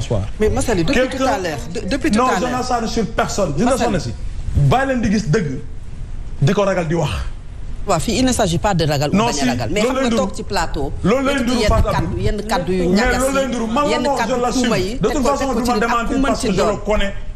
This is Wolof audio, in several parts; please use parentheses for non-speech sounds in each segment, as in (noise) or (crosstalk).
François. Mais Massali, depuis tout à l'heure. Depuis tout à l'heure. Non, je n'en sur personne. Je n'en sors pas leen di gis dëgg di ragal di il ne s'agit pas de ragal. non ragal. mais y a un ci plateau. loolu lay nduru yenn kaddu yenn kaddu yu yenn kaddu de toute façon je ma demande parce que je le connais.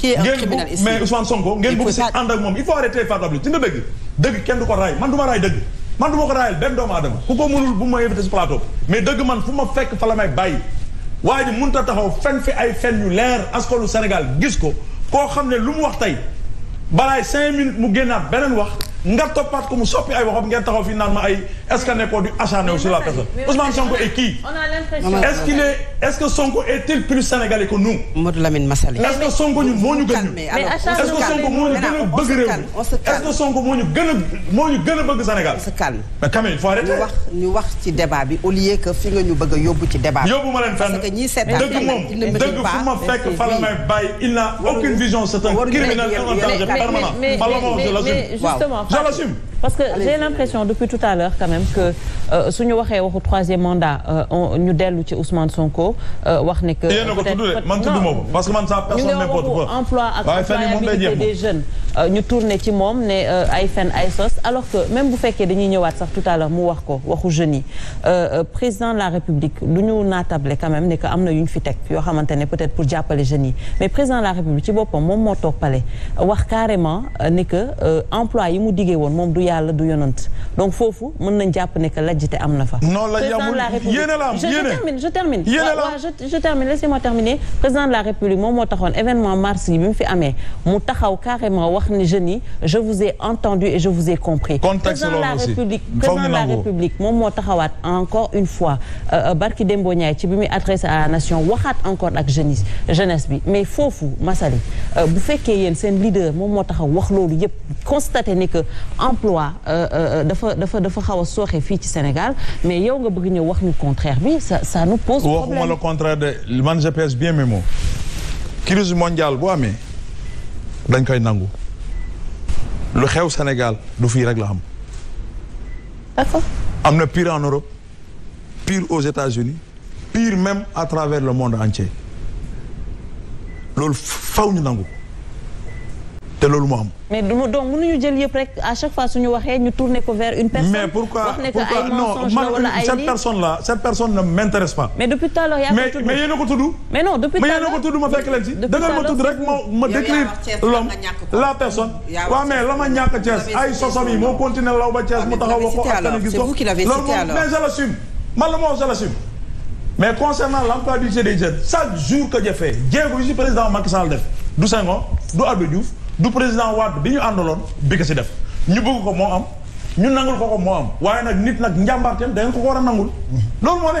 qui est un criminel ici mais Ousmane Sonko ngeen bëgg si ànd ak moom il faut arrêter Fatou Abdou ci nga dëgg dëgg kenn du ko raay man du ma raay dëgg man du ma ko raayal benn doomu aadama ku ko mënul bu ma invité si plateau mais dëgg man fu ma fekk fa la may bàyyi waaye ji mënut a taxaw fen fi ay fen yu leer askanu Sénégal gis ko koo xam ne lu mu wax tey balaay cinq minutes mu génnaat beneen wax nga toppaat ko mu soppi ay waxam ngeen taxaw fi naan ma ay est-ce que nekkoo du acharné sur la personne Ousmane Sonko est qui est-ce qu'il est est-ce que Sonko est-il plus sénégalais que nous Modou Lamine Massali est-ce que Sonko ñu moo ñu gën ñu est-ce que Sonko moo ñu gën a bëgg réew est-ce que Sonko moo ñu gën a moo ñu gën a bëgg Sénégal on se calme mais quand même il faut arrêter wax ñu wax ci débat bi au lieu que fi nga ñu bëgg a yóbbu ci débat bi yóbbu ma leen fenn parce dëgg moom dëgg fu ma fekk fala may bàyyi il n'a aucune vision c'est un criminel un danger permanent je l'assume parce que j'ai l'impression depuis tout à l'heure quand même que euh, su ñu waxee waxu troisième mandat euh, ñu dellu ci Ousmane Sonko euh, wax ne que. yéen a ko tudd man tudd parce que man ça personne n'importe quoi emploi ak employabilité des jeunes ñu tourné ci moom ne ay fen ay sos alors que même bu fekkee dañuy ñëwaat sax tout à l'heure mu wax ko waxu jeunes yi président de la République du ñu naatable quand même ne que am na yu ñu fi teg yoo xamante peut-être pour jàppale jeunes yi mais président de la République ci boppam moom moo toog pale wax carrément ne que emploi yi mu diggee woon moom du yalla du yonent donc fofu mën nañ japp ne que lajité amna fa. non la yamul yéen la am je termine je termine. je termine laissez-moi terminer président de la république mom mo taxone événement mars yi bi mu fi amé mu taxaw carrément wax ni jeunes je vous ai entendu et je vous ai compris. contexte président de la république président de la république mom mo taxawat encore une fois euh, euh, Barki Dembo Ndiaye ci bi adresse à la nation waxat encore ak jeunesse jeunesse bi mais fofu Massaly euh, bu fekkee yéen sen leader mom mo taxaw wax loolu yëpp constaté ne que emploi de euh, euh, euh, dafa dafa dafa xaw a sooxe fii ci Sénégal mais yow nga bëgg ñëw wax ñu contraire bi ça ça nous pose problème waxuma le contraire de man je pèse bien mes mots crise mondiale bu amee dañ koy nangu lu xew Sénégal du fii rek la am. d'accord am na pire en Europe pire aux États-Unis pire même à travers le monde entier loolu faw ñu nangu te loolu moo am. mais donc mënuñu jël yëpp rek à chaque fois suñu waxee ñu tourner ko vers une personne. mais pourquoi pourquoi non man cette personne là cette personne ne m'intéresse pas. mais depuis tout à l'heure yaa ko tudd mais yéen a ko tudd. mais non depuis tout à l'heure mais y a ko tudd ma fekk leen ci. da nga ma tudd rek ma ma décrire l'homme la personne. waaw mais la ma ñàkk Thiès ay sosom yi moo continué law ba Thiès mu taxaw wax ko askan wi gis ko loolu moom mais je l'assume man la ma je l'assume mais concernant l'emploi du des ça chaque jour que j'ai fait j'ai yi si président Macky Sall def du Senghor du Abdou Diouf du président Wade bi ñu àndaloon bi ko si def ñu bëgg ko moo am ñu nangul ko ko moo am waaye nag nit nag njàmbaarteem da ngeen ko war a nangul loolu moo ne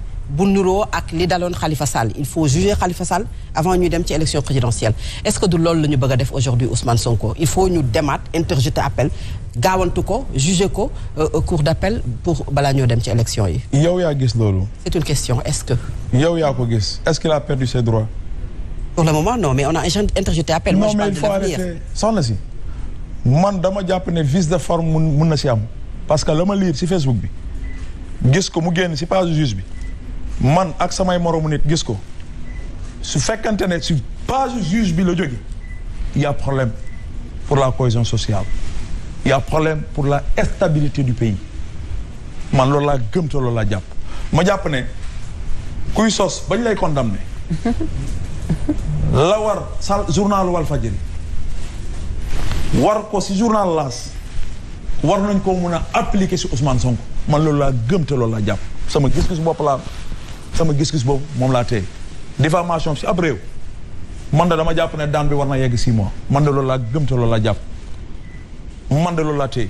bu nuroo ak li dalon Khalifa Sall il faut juger Khalifa Sall avant ñu dem ci élection présidentielle est-ce que du loolu lañu ñu bëgg def aujourd'hui Ousmane Sonko il faut ñu démat interjeter appel gaawantu ko juger ko euh, euh, cour d'appel pour balaa ñoo dem ci élection yi. yow ya gis lolu c'est une question est-ce que. yow ya ko gis est-ce qu'il a perdu ses droits. pour le moment non mais on a interjeté appel. non mais il faut arrêter soxna si. man dama japp ne vice de forme mën na ci am parce que lama lire ci Facebook bi gis ko mu génn si page juge bi man ak samay moromu nit gis ko su fekkante ne su base juge bi la il y a problème pour la cohésion sociale y a problème pour la stabilité du pays man loolu laa gëm te loolu laa jàpp ma japp ne kuy sos bañ lay condamner la war sa journal Walfadjri war ko si journal las? war nañ ko mun appliquer ci Ousmane Sonko man loolu laa gëm te loolu laa jàpp sama gis-gis bopp la sama gis-gis boobu moom laa téye diffamation si ab réew man da dama jàpp ne daan bi war na yegg six mois man da loolu laa gëm te loolu laa jàpp man da loolu laa téye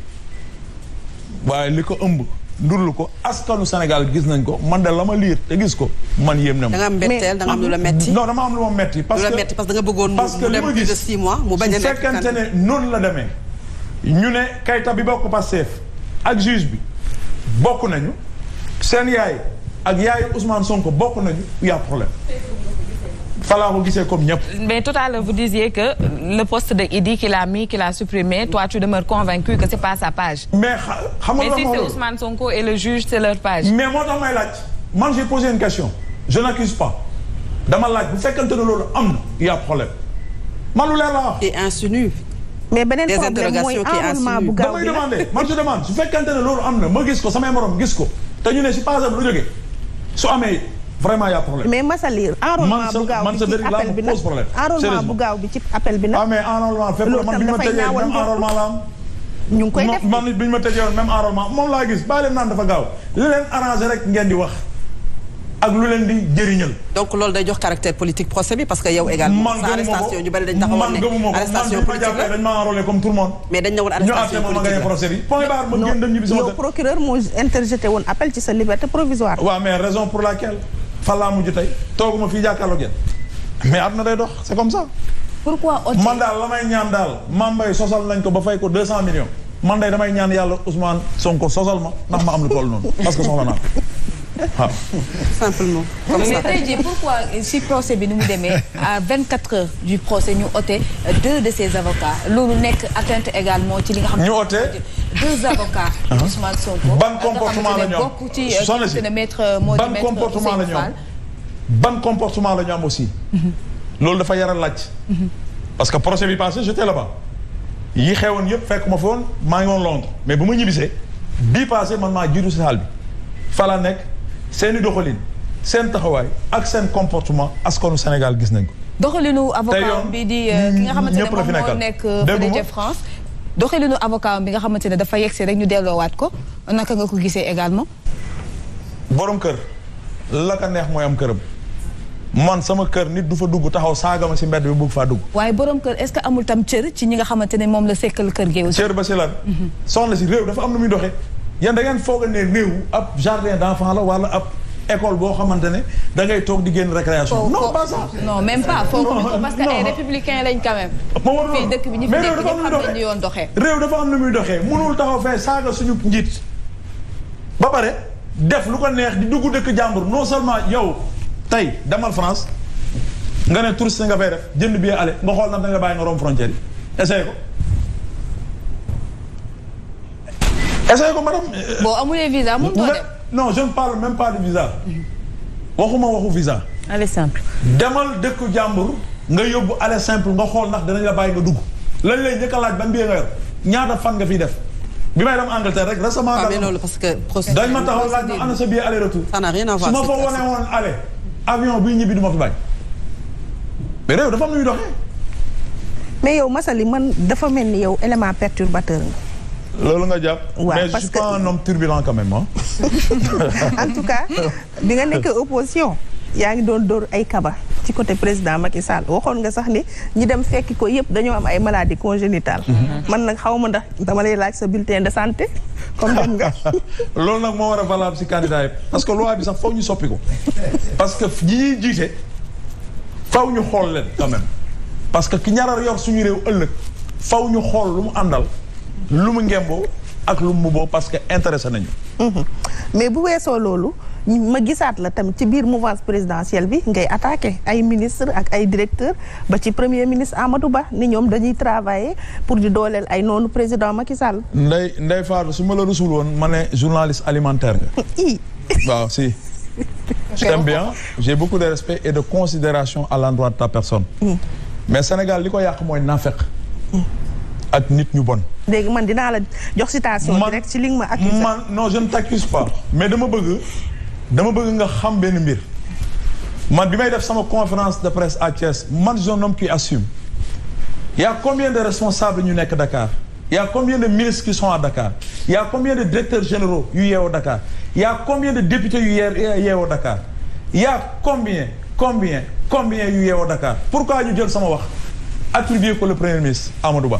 waaye li ko ëmb ndurlu ko askanu Sénégal gis nañ ko man da la ma liir te gis ko man yéem na ma. da nga am mbetteel da nga am lu la metti non dama am lu ma metti parce que parce que da nga bëggoon mu dem plus de six mu bañ a nekk fekkente noonu la demee ñu ne kayta bi bokk Pastef ak juge bi bokk nañu seen yaay ak Ousmane Sonko bokk nañu y' a problème. falaa ko comme ñëpp. mais tout à l'heure vous disiez que le poste de Idi qu'il a mis qu'il a supprimé toi tu demeures convaincu que ce n'est pas sa page. mais xam si c'est Ousmane Sonko et le juge c'est leur page. mais moi, dans ma laaj man j'ai posé une question je n'accuse pas dama laaj bu fekkante ne loolu am il y' a problème man lu leer la et insinue. mais il problème a enrôlement bu gaaw bi damay demandé man je demande su fekkante ne même am na ma gis ko samay morom gis ko te ñu ne page su amee vraiment y' a ma mais Massaly enrôlement bu gaaw bi appel bi nag enrôlement bu gaaw bi ci appel bi nag. ah mais enrôlement fépp la man bi ñu ma tëjee même enrôlement la ma tëjee woon moom laa gis bàyyi leen naan dafa gaaw li leen arrangé rek ngeen di wax. ak lu leen di jëriñal. donc loolu day jox caractère politique procès bi parce que yow également. man arrestation ñu bari dañ taxawoon ne arrestation politique la dañ maa enrôlé comme tout le monde. mais dañ ne woon arrestation politique la ñu procès bi. point barre ma génn dem ñu sama yow procureur moo interjeté woon appel ci sa liberté provisoire. waaw mais raison pour laquelle fan laa mujj tey tooguma fii jàkkaarloo ngeen mais at na day dox c'est comme ça. pourquoi Othio man daal la may ñaan daal Mame Mbaye sosal nañ ko ba fay ko 200 millions man day damay ñaan yàlla Ousmane Sonko sosal ma ndax ma am lu toll noonu parce que soxla naa ah. simplement. comme ça mais tey pourquoi si procès bi ni à 24 heures du procès nous ote deux de ses avocats Lolu nek atteinte également ci li nga xam. ñu ote deux avocats. Ah. Ousmane Sonko ban comportement la ñom. am ci euh, euh, maître comportement la ñom. ban comportement la ñom aussi. Mhm. Lolu dafa yaral lacc. parce que procès bi passé j'étais là-bas. yi xewoon yëpp fekk ma fa woon maa ngi woon Londres mais bu ma ñibbisee bii passé man maa jiitu si saal bi fa nek. seeni doxalin seen taxawaay ak seen comportement askonu Sénégal gis nañ ko. doxalinu avocat bi di euh, ki nga xamante ne moom moo nekk fële euh, ca France. doxalinu avocat bi nga xamante ne dafa yegg si rek ñu delloowaat ko naka nga ko gisee également. borom kër la ka neex mooy kër nit du fa dugg taxaw saaga ma si mbedd bi bugg faa dugg. cër nga xamante ne moom la sekkal kër gi. cër ba si lan. Mhm. soxna si réew dafa am nu muy doxee. yéen da ngeen foog ne réew ab jardin d'enfants, la wala ab école boo xamante ne da ngay toog di génn récréation. non pas ça non même pas foofu parce que ay républicains, lañ quand même. ma waroon fii dëkk bi ñu fi nekk ñëpp xam nañ ñu yoon doxee. réew dafa am lu muy doxee mënul taxaw fee saaga suñu njiit ba pare def lu ko neex di duggu dëkk jambour non seulement yow tay demal France nga ne touriste nga fay def jënd billet allé nga xol na da nga bay nga rom frontière essay ko. visa non je ne parle même pas de visa. waxuma waxu visa. Allez simple. demal de jàmbur nga Allez simple nga xool la nga lañ lay laaj ban Je nga que tu fan nga def bi may Angleterre récemment. Ah, parce que ça n'a rien à voir Allez. avion mais tu dafa am ñuy mais yow Massaly man dafa élément perturbateur loolu nga jàpp. mais je suis pas un homme turbulent quand même hein. (laughs) en tout cas bi nga nek opposition. yaa ngi doon dóor ay kaba ci côté président Macky Sall waxoon nga sax ni ñi dem fekk ko yépp dañu am ay maladies congénitales. Mhm. man nak xaw ndax dama lay laaj sa bulletin de santé. comme dem nga. (laughs) loolu nag moo war valable si candidat yi parce que loi bi sax faw ñu soppi ko parce que ñi jité jiite ñu xol leen quand même parce que ki ñarar yor suñu rew ëllëg faw ñu xol lu mu andal lu mu ngemboo ak lu mu parce que intéressé nañu. Mhm. mais bu weesoo loolu ma gisaat la tamit ci biir mouvance présidentielle bi ngay attaqué ay ministre ak ay directeur ba ci premier ministre Amadou Ba ni ñoom dañuy travailler pour di dooleel ay noonu président Macky Sall. Ndeye Ndeye Fatou su ma la rusul woon ma ne journaliste alimentaire nga. (laughs) i waaw si. (laughs) j'aime bien j'ai beaucoup de respect et de considération à l'endroit de ta personne. Mhm. mais Sénégal li ko yàq mooy naafeq. Mhm. ak nit ñu bon. léegi man dina la jox citation. direct ci ma accuse man non je ne t'accuse pas. mais dama bëgg dama bëgg nga xam benn mbir man bi may def sama conférence de presse à Thiès man je un homme qui assume. il y' a combien de responsables ñu nek Dakar il y' a combien de ministres qui sont à Dakar il y' a combien de directeurs généraux yu yeewoo Dakar il y' a combien de députés yu yeewoo Dakar il y' a combien combien combien yu yeewoo Dakar pourquoi ñu jël sama wax attribuer ko le premier ministre Amadou Ba.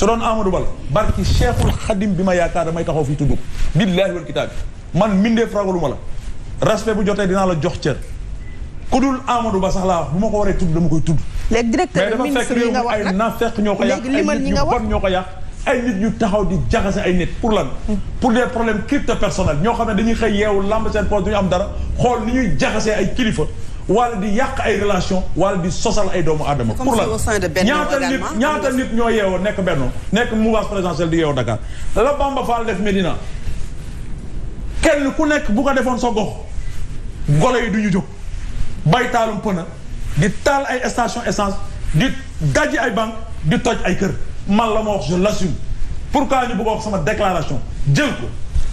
su doon ba Bal barki Cheikhul Khadim bi ma yaakaar damay taxaw fii tudd ko billaahi wal kitaab man mbindeef ragalu ma la respect bu jotee dinaa la jox cër ku dul Amadou Ba sax laa bu ma ko waree tudd dama koy tudd léegi directeur ministre yi nga wax nag mais dafa fekk réew ay ñoo ko yàq ay nit ñu bon ñoo ko yàq ñu taxaw di jaxase ay nit pour lan pour des problèmes crypto personnels ñoo xam ne dañuy xëy yeewu lamb seen poche duñu am dara xool ni ñuy jaxasee ay kilifa wala di yàq ay relation wala di sosal ay doomu aadama pour la ñaata nit ñaata nit ñoo yeewoo nekk benno nekk mouvance présidentielle di yeewoo Dakar la Bamba Fall def Médina kenn ku nekk bu ko defoon sa gox golo yi du ñu jóg bay taalum pëna di taal ay station essence di daj ay banque di toj ay kër man la ma wax je pour pourquoi ñu bëgg wax sama déclaration jël ko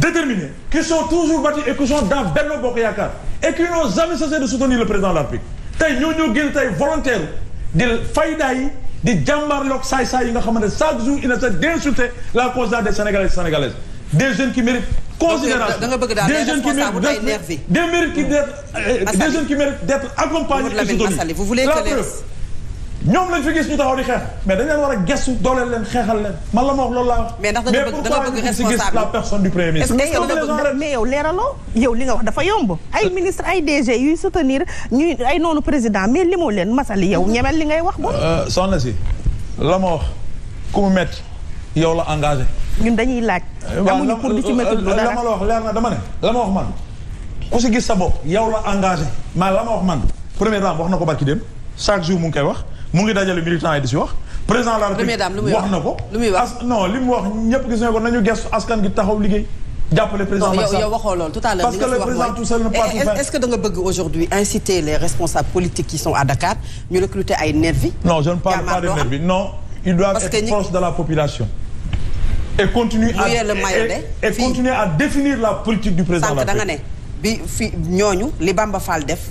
déterminés, qui sont toujours battus et qui sont dans Bello Bokoyakar et qui n'ont jamais cessé de soutenir le président de la République. tey ñoo ñoo génn tay volontaire di fayda yi di lok yi nga chaque jour il ne d'insulter la cause des Sénégalais sénégalaises des jeunes qui méritent considération des jeunes qui méritent d'être des jeunes qui méritent d'être accompagnés et soutenus. Vous voulez que les ñoom lañ fi gis ñu taxaw di xeex mais dañ war a gëstu dooleel leen xeexal leen man la ma wax loolu laa wax. mais ndax da nga bëgg da nga bëgg responsable yow leeraloo yow li nga wax dafa yomb. ay ministre ay DG yuy soutenir ñuy ay noonu président mais limoo leen masali yow ñemel wax moom. Euh, soxna si ma wax ku yow la engagé. ñun dañuy laaj. Euh, amuñu pour di ci métti lu dara la euh, ma la wax leer na dama ne. la ma wax man ku si gis sa bopp yow la engagé. maa la ma wax man premier dame wax na ko barki dem chaque jour mu ngi koy wax mu ngi le militant yi di si wax. président de la République wax na ko. lu muy wax non li mu wax ñëpp gis nañu ko nañu gestu askan gi taxaw liggéey. jàppale président Macky Sall yow waxoo loolu tout à l'heure parce que le président tout seul ne peut pas eh, tout faire est-ce que da nga bëgg aujourd'hui inciter les responsables politiques qui sont à Dakar ñu recruter ay nervi non je ne parle pas de nervi non ils doivent être force de la population et continuer à et, et à définir la politique du président de la République da nga ne bi fi ñooñu li Bamba Fall def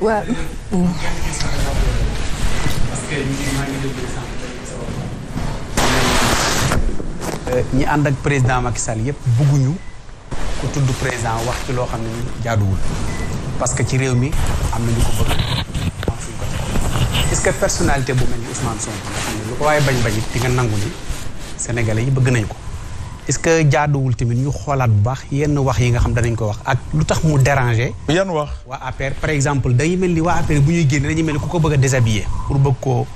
waaw. ñi ànd ak président Macky Sall yëpp bugguñu ku tudd président wax ci loo xam ne ni jaaduwul parce que ci réew mi am na ñu ko bëgg am ce que personnalité bu mel ni Ousmane Sonko lu ko waaye bañ-bañ it di nga nangu ni Sénégalais yi bëgg nañ ko. est-ce que jaaduwul tamit ñu xoolaat bu baax yenn wax yi nga xam danañ ko wax ak lu mu déranger. wax par exemple day mel ni waa dañuy déshabiller pour bëgg ko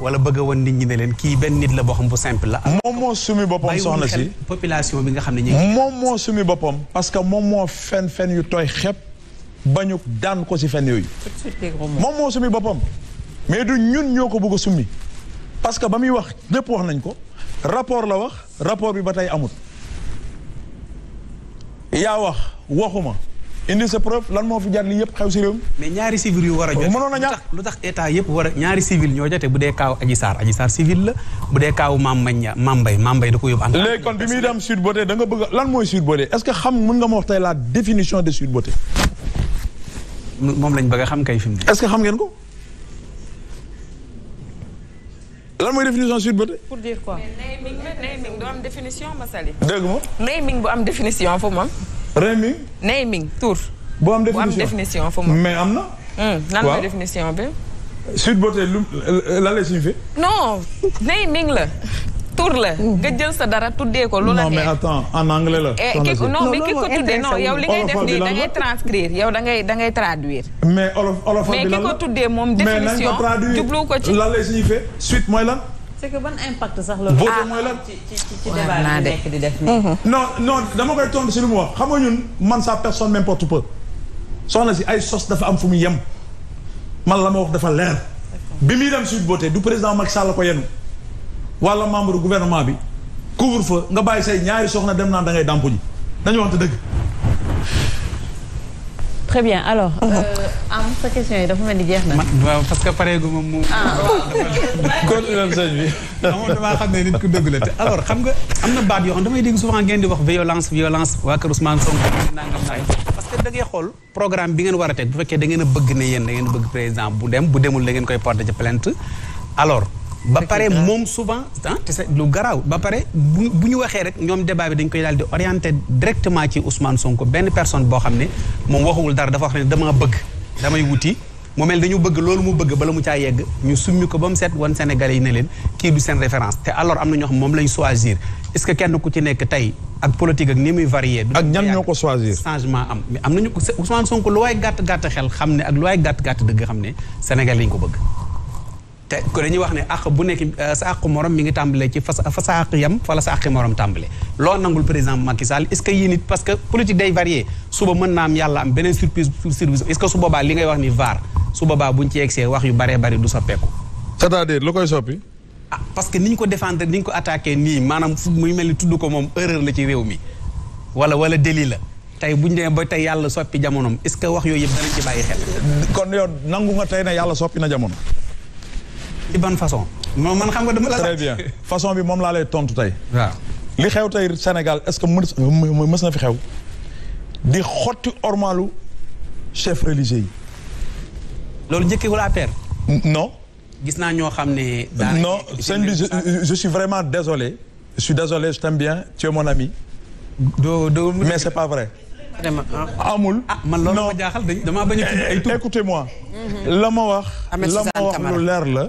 wala bëgg nit ñi nit la boo xam bu simple la. moom moo population bi nga xam parce que moom moo fen fen yu toy xepp bañu daan ko si yooyu. moom moo mais du ñun bëgg parce que ba muy wax lépp wax rapport la wax rapport bi ba tey amut yaa wax waxuma indi sa preuve lan moo fi jar lii yëpp xew si réew mais ñaari civil yu war a jot mënoon a ñàkk lu tax état yëpp war a ñaari civil ñoo jote bu dee kaaw Adji Sarr Adji Sarr civil la bu dee kaaw Mambay Mambay Mambay da ko yóbbu. léegi kon di muy dem Sweet Beauté da nga bëgg lan mooy Sweet Beauté que xam mën nga la définition de Sweet Beauté. moom lañ bëgg xam kay fi mu est-ce que xam ngeen ko. lan définition pour dire quoi. naming naming do am définition naming bu am définition naming. naming tour. am définition définition mais hmm, définition bi. sud beauté signifier. non naming là tur la. Mm. nga jël sa dara tuddé ko. lu la non mais attends en anglais la. Eh, non mais kiko tuddé non yow li ngay def ni da ngay transcrire yow da ngay da ngay traduire. mais olof olof mais kiko tuddé mom définition djublou ko ci. lan lay signifier suite mooy lan. c'est que ban impact sax loolu. ah mooy lan ci ci ci débat bi nekk di def ni mm-hmm. non non dama koy tontu ci lu mu wax xam nga ñun man sa personne n'importe peu soxna si ay sauce dafa am fu mu yem man la ma wax dafa leer. bi mi dem suite beauté du président Macky Sall ko yenu wala membre gouvernement bi couvre-feu nga bàyyi say ñaari soxna dem na da ngay dampu ji dañu wante deug très bien alors. Euh, ah. am sa question yi dafa mel ni jeex na. waaw parce que pareegu moom mu. ah waaw. bi. damaa xam ne nit ku alors xam nga amna baat yo xam damay dégg souvent ngeen di wax violence violence wa kër Ousmane Sonko nangam nangam. parce que da ngay xool programme bi ngeen war a bu da ngeen bëgg ne da ngeen bëgg président bu dem bu demul da ngeen koy porter ci plainte alors. ba pare moom souvent ah te sa lu garaaw ba pare bu ñu waxee rek ñoom débat bi dañ koy daal di orienté directement ci Ousmane Sonko benn personne boo xam ne moom waxuwul dara dafa wax ne damaa bëgg damay wuti mu mel dañu bëgg loolu mu bëgg bala mu caa yegg ñu summi ko ba mu seet wan Sénégalais yi ne leen kii du seen référence te alors am na ñoo xam moom lañ choisir est que kenn ku ci nekk tey ak politique ak ni muy varié. ak ñan ñoo ko choisir changement am mais am nañu ko Ousmane Sonko lu gàtt gàtt xel xam ne ak lu waay gàtt gàtt dëgg xam ne Sénégalais yi ko bëgg. te dañuy wax ne àq bu nekk euh, sa àq morom mi ngi tàmbalee ci fa fa sa àq yam fa la sa àq morom tàmbalee loolu nangul président Macky Sall est ce que yéen it parce que politique day varié suba mën naa am yàlla am beneen surprise surprise est ce que su boobaa li ngay wax ni vaar su boobaa buñ ci egsee wax yu bare bari du soppeeku. c'est-à-dire lu koy soppi. ah parce que ni ñu ko défendre ni ñu ko attaqué nii maanaam muy mel ni tudd ko moom erreur la ci réew mi wala wala délit la. tey bu ñu demee ba tey yàlla soppi jamonoom est ce que wax yooyu yëpp danañ ci bàyyi nangu nga tey ne yàlla soppi na jamono. de bonne façon. moom man xam nga dama la. très bien façon bi moom laa lay tontu tey. waaw li xew tay Sénégal est-ce que meus na fi xew. di xoti ormalu chef religieux yi. loolu njëkkee wala père non. gis na ño xamné non sëñ bi je suis vraiment désolé. je suis désolé je t'aime bien tu es mon ami. doo doo mais c'est pas vrai. Hein? amul. ah man loolu ma jaaxal damaa ay tout eh, eh, écoutez-moi. Mhm. la wax. la wax lu leer la.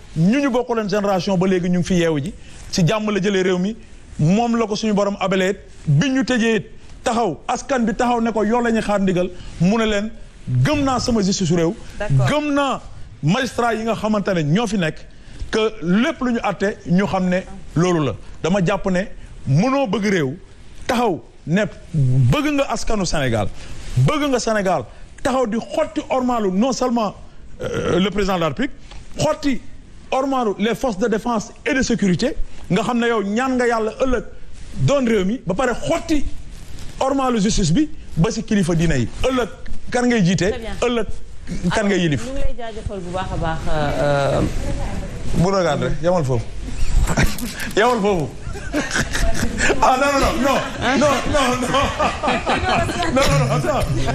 ñu ñu bokk leen génération ba léegi ñu ngi fi yeewu ji ci jàmm la jëlee réew mi moom la ko suñu borom abaleet bi ñu tëjee taxaw askan bi taxaw ne ko yow la ñuy xaar ndigal mu ne leen gëm naa sama justice réew. gëm naa magistrat yi nga xamante ne ñoo fi nekk. que lépp lu ñu àtte ñu xam ne loolu la dama jàpp ne mënoo bëgg réew taxaw ne bëgg nga askanu Sénégal bëgg nga Sénégal taxaw di xotti ormalu non seulement euh, le président de xotti. ormaaru les forces de défense et de sécurité nga xam yow ñaan nga yalla ëllëg doon réew mi ba xoti xotti ormaalu justice bi ba si kilifa diina yi ëllëg kan ngay jiite ëllëg kan ngay yilif bu baax euh, euh bu regarde yamal foofu yowal foofu ah non non non non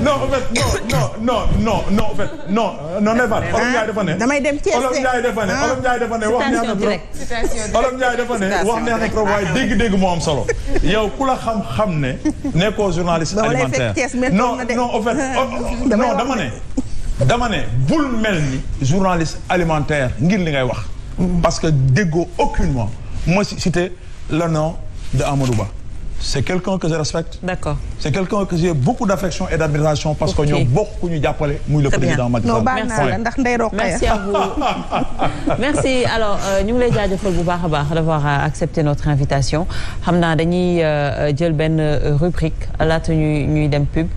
non non non non non non non Neval Olof Ndiaye dafa ne. damay dem Thiès Olof Ndiaye dafa ne Olof Ndiaye dafa ne wax neex na trop Olof Ndiaye dafa ne wax neex na trop waaye dégg-dégg moo am solo yow ku la xam-xam ne nekkoo journaliste alimentaire non non en fait non dama ne dama ne bul mel ni journaliste alimentaire ngir li ngay wax. parce que dégo aucunement. Moi, c'était le nom de Amadouba. C'est quelqu'un que je respecte. D'accord. C'est quelqu'un que j'ai beaucoup d'affection et d'admiration parce qu'on a beaucoup de appelé le président Macky Merci à vous. (laughs) Merci. Alors, nous voulons dire que d'avoir euh, accepté notre invitation. nous avons une rubrique à la tenue pub.